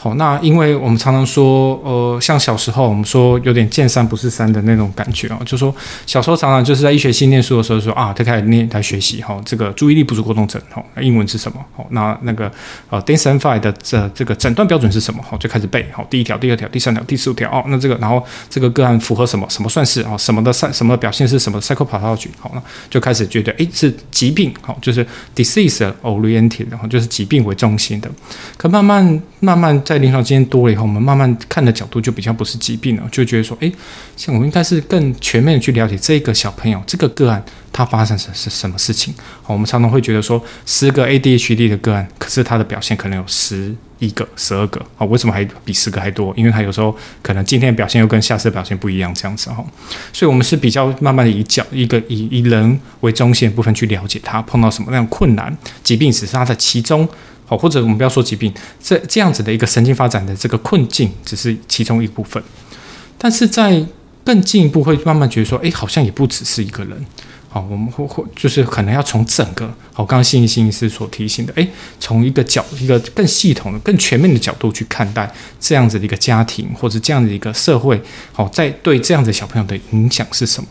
Speaker 2: 好，那因為我們常常說，呃，像小時候我們說有點見山不是山的那種感覺啊、哦，就說小時候常常就是在醫學系念書的時候說，說啊，他開始念，他學習，哈、哦，這個注意力不足過動症，哈、哦，英文是什麼？好、哦，那那個啊 DSM-5 的這這個診斷標準是什麼？好、哦，就開始背，好、哦，第一條，第二條，第三條，第四條，哦，那這個然後這個個案符合什麼？什麼算是啊、哦？什麼的賽什麼表現是什麼 psychopathology 好，那就開始覺得，哎、欸，是疾病，好、哦，就是 disease-oriented，然後就是疾病為中心的，可慢慢慢慢。在臨床經驗多了以後，我們慢慢看的角度就比較不是疾病了，就覺得說，哎、欸，像我們應該是更全面的去了解這個小朋友這個個案他發生什麼事情。我們常常會覺得說，十個 ADHD 的個案，可是他的表現可能有十一個、十二個啊，為什麼還比十個還多？因為他有時候可能今天的表現又跟下次的表現不一樣這樣子哈，所以我們是比較慢慢的以角一個以以人為中心的部分去了解他碰到什麼樣困難，疾病只是他的其中，好，或者我們不要說疾病，這這樣子的一個神經發展的這個困境，只是其中一部分。但是在更進一步，會慢慢覺得說，哎、欸，好像也不只是一個人。好，我們會會就是可能要從整個，好，剛剛心怡心理師所提醒的，哎、欸，從一個角一個更系統的、更全面的角度去看待這樣子的一個家庭，或者這樣子的一個社會，好，在對這樣子的小朋友的影響是什麼？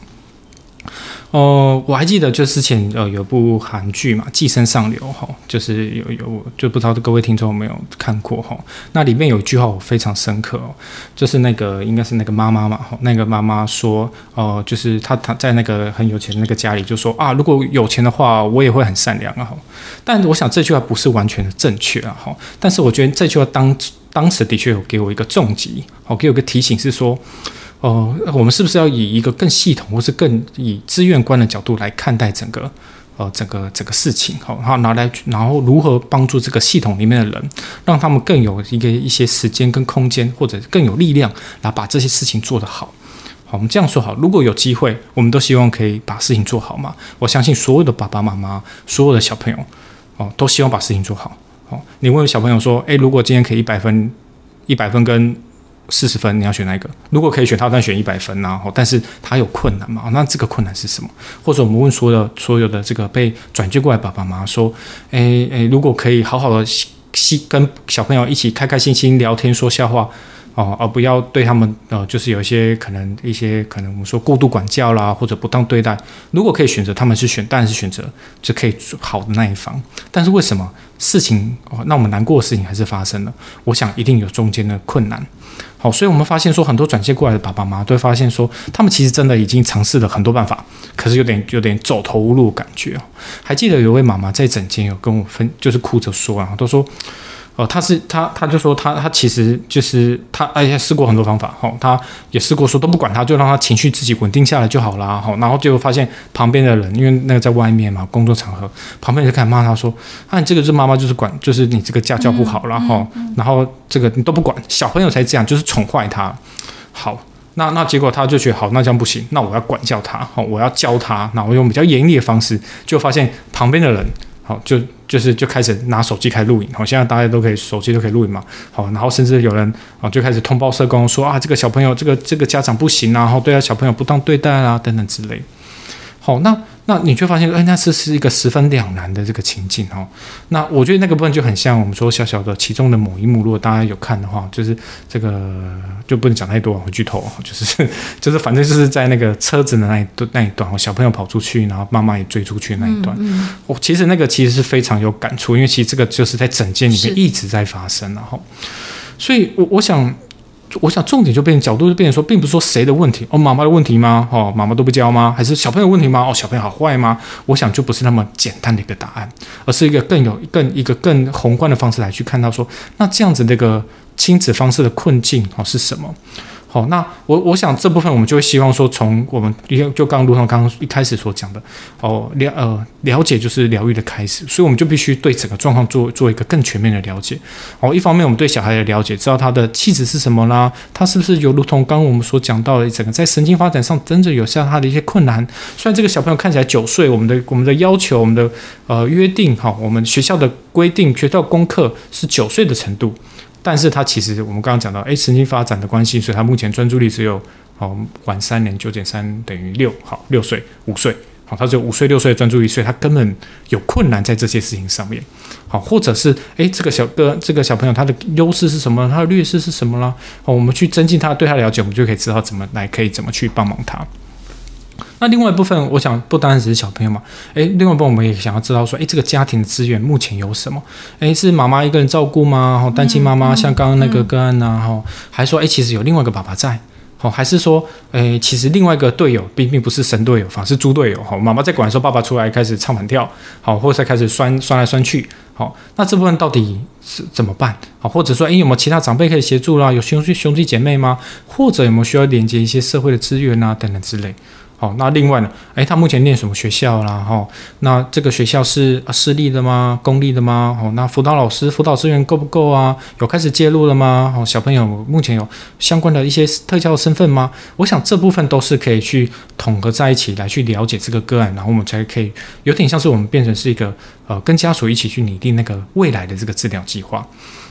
Speaker 2: 哦、呃，我還記得就之前呃有部韓劇嘛，《寄生上流》吼，就是有有就不知道各位聽眾有沒有看過吼，那裡面有一句話我非常深刻，就是那個應該是那個媽媽嘛吼，那個媽媽說，哦、呃，就是她她在那個很有錢的那個家裡就說啊，如果有錢的話，我也會很善良啊。吼，但我想這句話不是完全的正確啊吼，但是我覺得這句話當當時的確有給我一個重擊，吼，給我一個提醒是說。哦，我們是不是要以一個更系統，或是更以資源觀的角度來看待整個，呃，整個整個事情，好、哦，好，拿來，然後如何幫助這個系統裡面的人，讓他們更有一個一些時間跟空間，或者更有力量來把這些事情做得好，好、哦，我們這樣說好，如果有機會，我們都希望可以把事情做好嘛，我相信所有的爸爸媽媽，所有的小朋友，哦，都希望把事情做好，好、哦，你問小朋友說，哎，如果今天可以一百分，一百分跟，四十分，你要選哪一個？如果可以選他，他當然選一百分。然後，但是他有困難嘛？那這個困難是什麼？或者我們問說的所有的這個被轉接過來的爸爸媽媽說，哎、欸、哎、欸，如果可以好好的跟小朋友一起開開心心聊天說笑話哦，而、呃、不要對他們呃，就是有一些可能一些可能我們說過度管教啦，或者不當對待。如果可以選擇，他們去選，當然是選擇就可以好的那一方。但是為什麼事情哦，那我們難過的事情還是發生了？我想一定有中間的困難。好，所以我們發現說，很多轉介過來的爸爸媽媽都會發現說，他們其實真的已經嘗試了很多辦法，可是有點有點走投無路感覺。還記得有位媽媽在診間有跟我分，就是哭着說啊，都說。哦，他是他，他就說他他其實就是他，哎呀試過很多方法，哈、哦，他也試過說都不管他，就讓他情緒自己穩定下來就好了，哈、哦，然後結果發現旁邊的人，因為那個在外面嘛，工作場合，旁邊就開始罵他說，啊你這個是媽媽就是管，就是你這個家教不好了，哈、嗯嗯哦，然後這個你都不管，小朋友才這樣，就是寵壞他，好，那那結果他就覺得好那這樣不行，那我要管教他，哈、哦，我要教他，然後用比較嚴厲的方式，就發現旁邊的人，好、哦、就。就是就開始拿手機開錄影，好，現在大家都可以手機都可以錄影嘛，好，然後甚至有人啊就開始通報社工說啊，這個小朋友這個這個家長不行啊，然後對他、啊、小朋友不當對待啊等等之類，好那。那你卻發現哎、欸，那是是一個十分兩難的這個情境哦。那我覺得那個部分就很像我們說小曉的其中的某一幕，如果大家有看的話，就是這個就不能講太多，回去投，就是就是反正就是在那個車子的那一段那一段，小朋友跑出去，然後媽媽也追出去的那一段。我、嗯嗯哦、其實那個其實是非常有感觸，因為其實這個就是在整件裡面一直在發生、啊，然後，所以我，我我想。我想重點就變成角度，就變成說，並不是說誰的問題哦，媽媽的問題嗎？哦，媽媽都不教嗎？還是小朋友問題嗎？哦，小朋友好壞嗎？我想就不是那麼簡單的一個答案，而是一個更有、更一個更宏觀的方式來去看到說，那這樣子那個親子方式的困境哦，是什麼？好、哦，那我我想這部分我們就會希望說，從我們就就剛如同剛剛一開始所講的，哦了呃了解就是療癒的開始，所以我們就必須對整個狀況做做一個更全面的了解。哦，一方面我們對小孩的了解，知道他的氣質是什麼啦，他是不是有如同剛我們所講到的整個在神經發展上真的有像他的一些困難。雖然這個小朋友看起來九歲，我們的我們的要求，我們的呃約定哈、哦，我們學校的規定，學校功課是九歲的程度。但是他其實我們剛剛講到，誒，神經發展的關係，所以他目前專注力只有，哦、6, 好，晚三年，九減三等於六，好，六歲，五歲，好、哦，他只有五歲六歲的專注力，所以他根本有困難在這些事情上面，好，或者是，哎，這個小哥，這個小朋友他的優勢是什麼？他的劣勢是什麼啦？好、哦，我們去增進他對他了解，我們就可以知道怎麼來可以怎麼去幫忙他。那另外一部分，我想不單只是小朋友嘛。誒、欸，另外一部分我們也想要知道說，誒、欸，這個家庭的資源目前有什麼？誒、欸，是媽媽一個人照顧嗎？哦，單親媽媽，像剛剛那個個案吶、啊，哈、嗯，還說，誒、欸，其實有另外一個爸爸在，哦，還是說，誒、欸，其實另外一個隊友並並不是神隊友，反而是豬隊友，哈，媽媽在管的時候，爸爸出來開始唱反調，好，或者開始酸酸來酸去，好，那這部分到底是怎麼辦？好，或者說，誒、欸，有沒有其他長輩可以協助啦、啊？有兄弟兄弟姐妹嗎？或者有沒有需要連接一些社會的資源啊，等等之類。好、哦，那另外呢？誒，他目前念什麼學校啦？哈、哦，那這個學校是、啊、私立的嗎？公立的嗎？哦，那輔導老師、輔導資源夠不夠啊？有開始介入了嗎？哦，小朋友目前有相關的一些特教的身份嗎？我想這部分都是可以去統合在一起來去了解這個個案，然後我們才可以有點像是我們變成是一個呃跟家屬一起去擬定那個未來的這個治療計劃。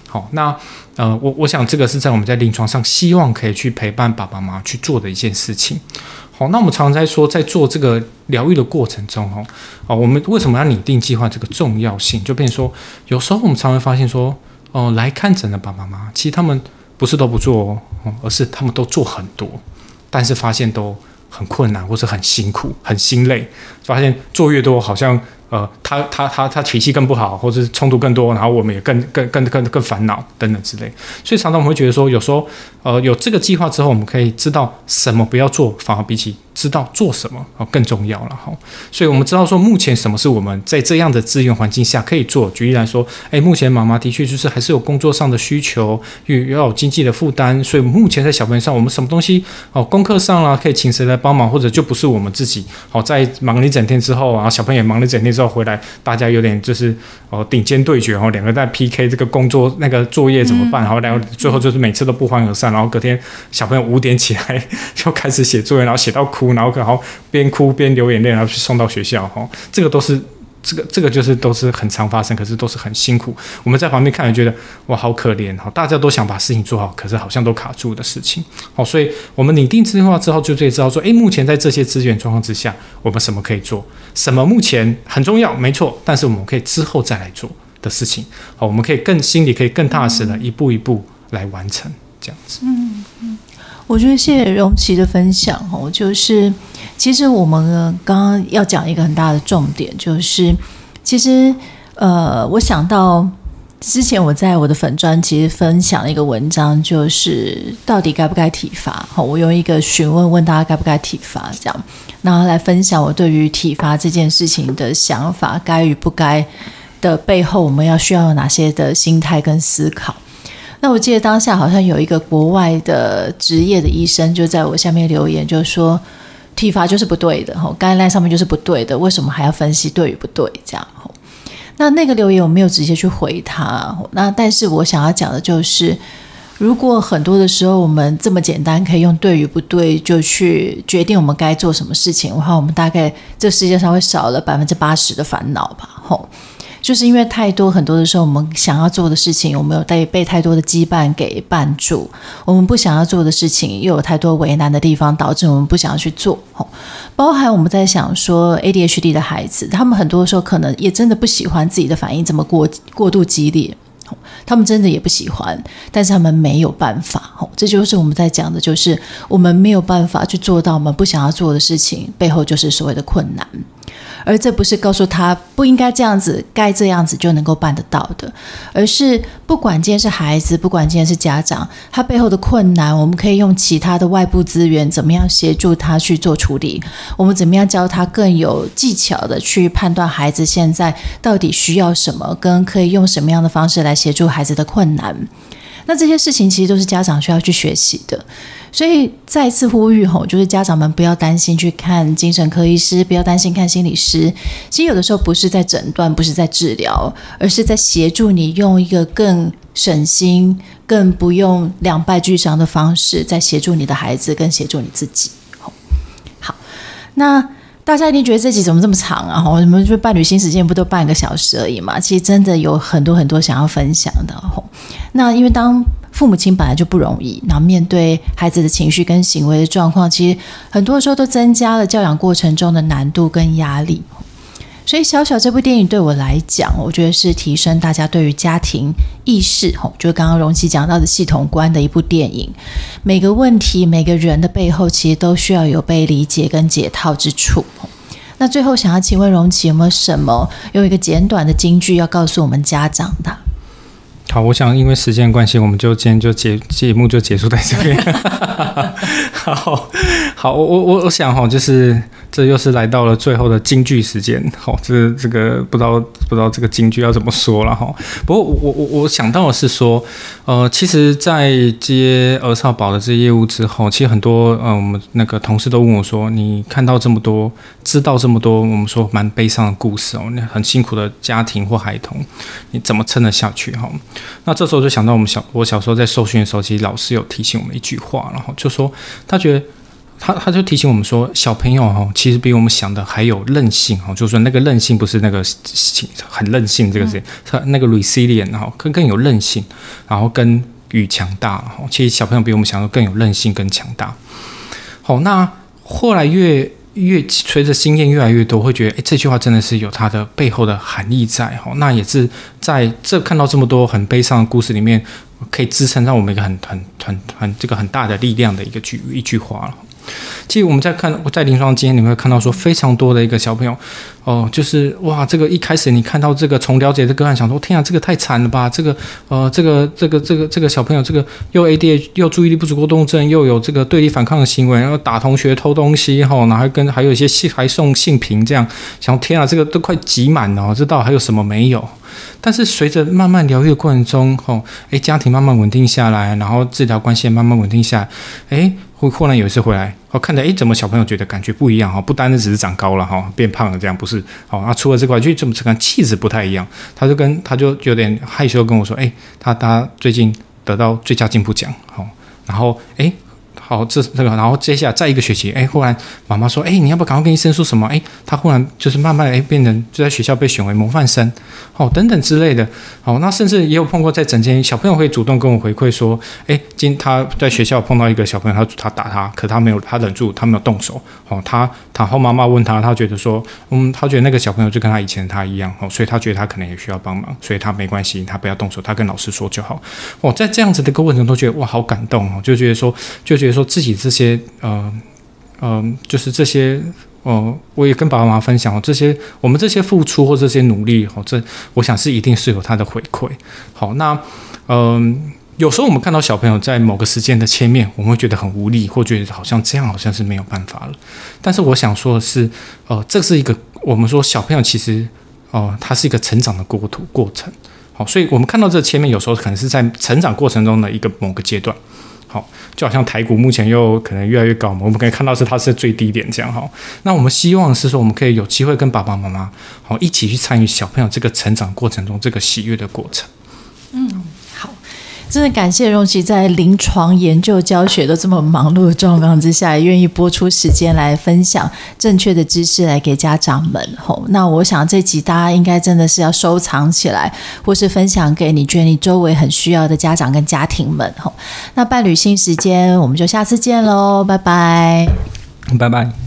Speaker 2: 好、哦，那呃，我我想這個是在我們在臨床上希望可以去陪伴爸爸媽媽去做的一件事情。好、哦，那我們常常在說，在做這個療癒的過程中哦，哦，啊，我們為什麼要擬定計劃？這個重要性就變成說，有時候我們常常發現說，哦，來看診的爸爸媽媽，其實他們不是都不做、哦哦，而是他們都做很多，但是發現都很困難，或是很辛苦，很心累，發現做越多，好像。呃，他他他他脾氣更不好，或者是衝突更多，然後我們也更更更更更煩惱等等之類，所以常常我們會覺得說，有時候呃有這個計劃之後，我們可以知道什麼不要做，反而比起。知道做什麼哦，更重要了哈。所以，我們知道說，目前什麼是我們在這樣的資源環境下可以做。舉例來說，哎、欸，目前媽媽的確就是還是有工作上的需求，又要有經濟的負擔，所以目前在小朋友上，我們什麼東西哦，功課上了、啊、可以請誰來幫忙，或者就不是我們自己哦。在忙了一整天之後啊，然後小朋友也忙了一整天之後回來，大家有點就是哦，頂尖對決，然後兩個在 PK 這個工作那個作業怎麼辦？然後然後最後就是每次都不歡而散，然後隔天小朋友五點起來就開始寫作業，然後寫到哭。然後，然後邊哭邊流眼淚，然後去送到學校，哈，這個都是，這個這個就是都是很常發生，可是都是很辛苦。我們在旁邊看，覺得哇，好可憐，哈，大家都想把事情做好，可是好像都卡住的事情，好，所以我們擬定計劃之後，就也知道說，誒，目前在這些資源狀況之下，我們什麼可以做，什麼目前很重要，沒錯，但是我們可以之後再來做的事情，好，我們可以更心裡可以更踏實的一步一步來完成這樣子。
Speaker 1: 嗯。我覺得謝謝鎔麒的分享哦，就是其實我們呢剛剛要講一個很大的重點，就是其實呃，我想到之前我在我的粉專其實分享了一個文章，就是到底該不該體罰，哦？我用一個詢問問大家該不該體罰，這樣，然後來分享我對於體罰這件事情的想法，該與不該的背後，我們要需要有哪些的心態跟思考。那我記得當下好像有一個國外的職業的醫生就在我下面留言，就說體罰就是不對的，吼，概念上面就是不對的，為什麼還要分析對與不對這樣？吼，那那個留言我沒有直接去回他，那但是我想要講的就是，如果很多的時候我們這麼簡單可以用對與不對就去決定我們該做什麼事情的話，話我們大概這世界上會少了百分之八十的煩惱吧，吼。就是因為太多很多的時候，我們想要做的事情，我們有被被太多的羈絆給絆住，我們不想要做的事情，又有太多為難的地方，導致我們不想要去做。哦，包含我們在想說，ADHD 的孩子，他們很多時候可能也真的不喜歡自己的反應這麼過過度激烈，哦，他們真的也不喜歡，但是他們沒有辦法。哦，這就是我們在講的，就是我們沒有辦法去做到我們不想要做的事情，背後就是所謂的困難。而這不是告訴他不應該這樣子，該這樣子就能夠辦得到的，而是不管今天是孩子，不管今天是家長，他背後的困難，我們可以用其他的外部資源，怎麼樣協助他去做處理。我們怎麼樣教他更有技巧的去判斷孩子現在到底需要什麼，跟可以用什麼樣的方式來協助孩子的困難。那這些事情其實都是家長需要去學習的，所以再次呼籲吼，就是家長們不要擔心去看精神科醫師，不要擔心看心理師。其實有的時候不是在診斷，不是在治療，而是在協助你用一個更省心、更不用兩敗俱傷的方式，在協助你的孩子，更協助你自己。好，那。大家一定覺得這集怎麼這麼長啊？我們就辦旅行時間不都半個小時而已嘛？其實真的有很多很多想要分享的。那因為當父母親本來就不容易，然後面對孩子的情緒跟行為的狀況，其實很多時候都增加了教養過程中的難度跟壓力。所以《小曉》這部電影對我來講，我覺得是提升大家對於家庭意識，哈，就剛剛鎔麒講到的系統觀的一部電影。每個問題、每個人的背後，其實都需要有被理解跟解套之處。那最後想要請問鎔麒，有沒有什麼用一個簡短的金句要告訴我們家長的？
Speaker 2: 好，我想因為時間關係，我們就今天就節節目就結束在這裡。 好好，我我我想哈，就是。這又是來到了最後的金句時間，好、哦，這、就是、這個不知道不知道這個金句要怎麼說了哈、哦。不過我我我想到的是說，呃，其實，在接兒少保的這些業務之後，其實很多呃，我們那個同事都問我說，你看到這麼多，知道這麼多，我們說蠻悲傷的故事哦，那很辛苦的家庭或孩童，你怎麼撐得下去哈、哦？那這時候就想到我們小我小時候在受訓的時候，其實老師有提醒我們一句話，然後就說他覺得。他他就提醒我們說，小朋友哈，其實比我們想的還有韌性哈。就是說，那個韌性不是那個很韌性這個事情，他，嗯、那個 resilient 哈，更更有韌性，然後跟與強大哈。其實小朋友比我們想的更有韌性，更強大。好，那後來越越隨着經驗越來越多，會覺得誒、欸，這句話真的是有它的背後的含義在哈。那也是在這看到這麼多很悲傷的故事裡面，可以支撐到我們一個很很很很這個很大的力量的一個一句一句話其實我們在看，在臨床經驗裡面會看到說，非常多的一個小朋友，哦、呃，就是哇，這個一開始你看到這個從了解的、這個案，想說天啊，這個太慘了吧，這個呃，這個這個這個這個小朋友，這個又 ADHD 又注意力不足過動症，又有這個對立反抗的行為，然後打同學、偷東西，吼，然後還跟還有一些性還送性平這樣，想天啊，這個都快擠滿了，這到底還有什麼沒有？但是隨着慢慢療癒的過程中，吼，誒，家庭慢慢穩定下來，然後治療關係也慢慢穩定下來，誒。忽忽然有一次回來，哦，看到，哎，怎麼小朋友覺得感覺不一樣哈？不單單只是長高了哈，變胖了這樣不是？好啊，除了這塊，就怎麼個氣質不太一樣。他就跟他就有點害羞跟我說，哎、欸，他他最近得到最佳進步獎。好，然後，哎、欸。好，這這個，然後接下來再一個學期，哎，忽然媽媽說，哎，你要不要趕快跟醫生說什麼？哎，他忽然就是慢慢哎變成就在學校被選為模範生，哦，等等之類的。哦，那甚至也有碰過在診間小朋友會主動跟我回饋說，哎，今天他在學校碰到一個小朋友，他他打他，可他沒有，他忍住，他沒有動手。哦，他他後媽媽問他，他覺得說，嗯，他覺得那個小朋友就跟他以前的他一樣，哦，所以他覺得他可能也需要幫忙，所以他沒關係，他不要動手，他跟老師說就好。哦，在這樣子的一個過程中都覺得哇好感動哦，就覺得說就覺得。說自己這些，嗯、呃、嗯、呃，就是這些、呃、我也跟爸爸媽媽分享這些我們這些付出或這些努力，好、喔，這我想是一定是有他的回饋。好，那嗯、呃，有時候我們看到小朋友在某個時間的切面，我們會覺得很無力，或覺得好像這樣好像是沒有辦法了。但是我想說的是，呃，這是一個我們說小朋友其實呃，他是一個成長的過渡過程。好，所以我們看到這切面，有時候可能是在成長過程中的一個某個階段。就好像台股目前又可能越來越高嘛，我們可以看到是它是最低點這樣哈。那我們希望是說我們可以有機會跟爸爸媽媽好，一起去參與小朋友這個成長過程中這個喜悅的過程。
Speaker 1: 嗯。真的感謝鎔麒在臨床研究、教學都這麼忙碌的狀況之下，也願意撥出時間來分享正確的知識來給家長們。吼、哦，那我想這集大家應該真的是要收藏起來，或是分享給你覺得你周圍很需要的家長跟家庭們。吼、哦，那伴侶新時間，我們就下次見嘍，拜拜，
Speaker 2: 拜拜。